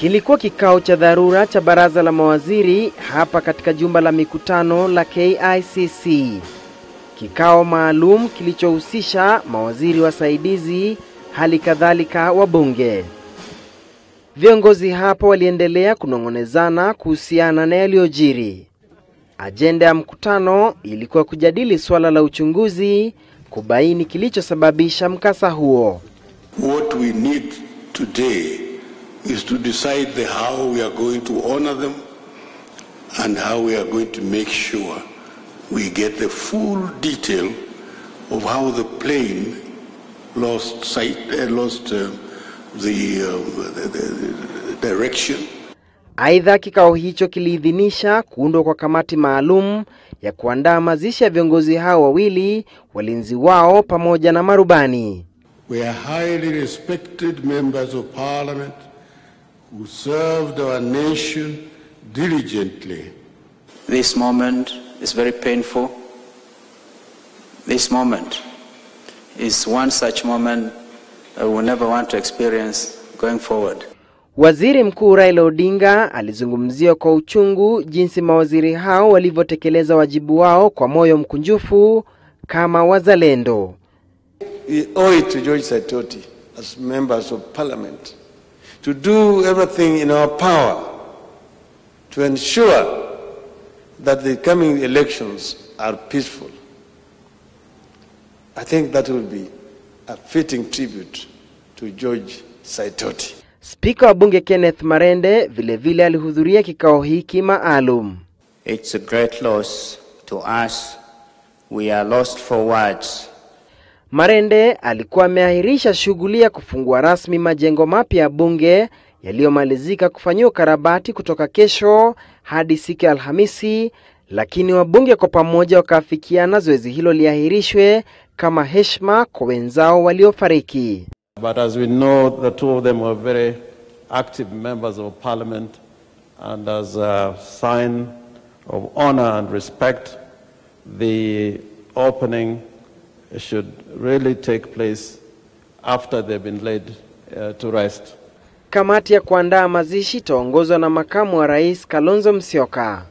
Kilikuwa kikao cha dharura cha baraza la mawaziri hapa katika jumba la mikutano la KICC. Kikao maalum kilichohusisha mawaziri wasaidizi, hali kadhalika wabunge. Viongozi hapo waliendelea kunong'onezana kuhusiana na yaliyojiri. Ajenda ya mkutano ilikuwa kujadili suala la uchunguzi, kubaini kilichosababisha mkasa huo. What we need today is to decide the how we are going to honor them and how we are going to make sure we get the full detail of how the plane lost sight, uh, lost uh, the, uh, the, the direction. Aidha, kikao hicho kiliidhinisha kuundwa kwa kamati maalum ya kuandaa mazishi ya viongozi hao wawili, walinzi wao pamoja na marubani. We are highly respected members of parliament who served our nation diligently. This moment is very painful. This moment is one such moment that we will never want to experience going forward. Waziri Mkuu Raila Odinga alizungumzia kwa uchungu jinsi mawaziri hao walivyotekeleza wajibu wao kwa moyo mkunjufu kama wazalendo. We owe it to George Saitoti as members of parliament to do everything in our power to ensure that the coming elections are peaceful. I think that will be a fitting tribute to George Saitoti. Spika wa bunge Kenneth Marende vilevile vile alihudhuria kikao hiki maalum. It's a great loss to us. We are lost for words. Marende alikuwa ameahirisha shughuli ya kufungua rasmi majengo mapya ya bunge yaliyomalizika kufanyiwa ukarabati kutoka kesho hadi siku ya Alhamisi, lakini wabunge kwa pamoja wakaafikiana zoezi hilo liahirishwe kama heshima kwa wenzao waliofariki. But as we know, the two of them were very active members of parliament and as a sign of honor and respect, the opening should really take place after they've been laid uh, to rest. Kamati ya kuandaa mazishi itaongozwa na makamu wa rais Kalonzo Musyoka.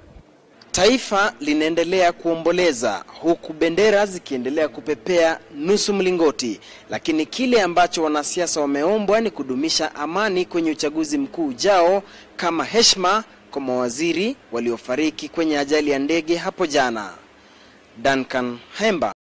Taifa linaendelea kuomboleza huku bendera zikiendelea kupepea nusu mlingoti, lakini kile ambacho wanasiasa wameombwa ni kudumisha amani kwenye uchaguzi mkuu ujao, kama heshima kwa mawaziri waliofariki kwenye ajali ya ndege hapo jana. Duncan Hemba.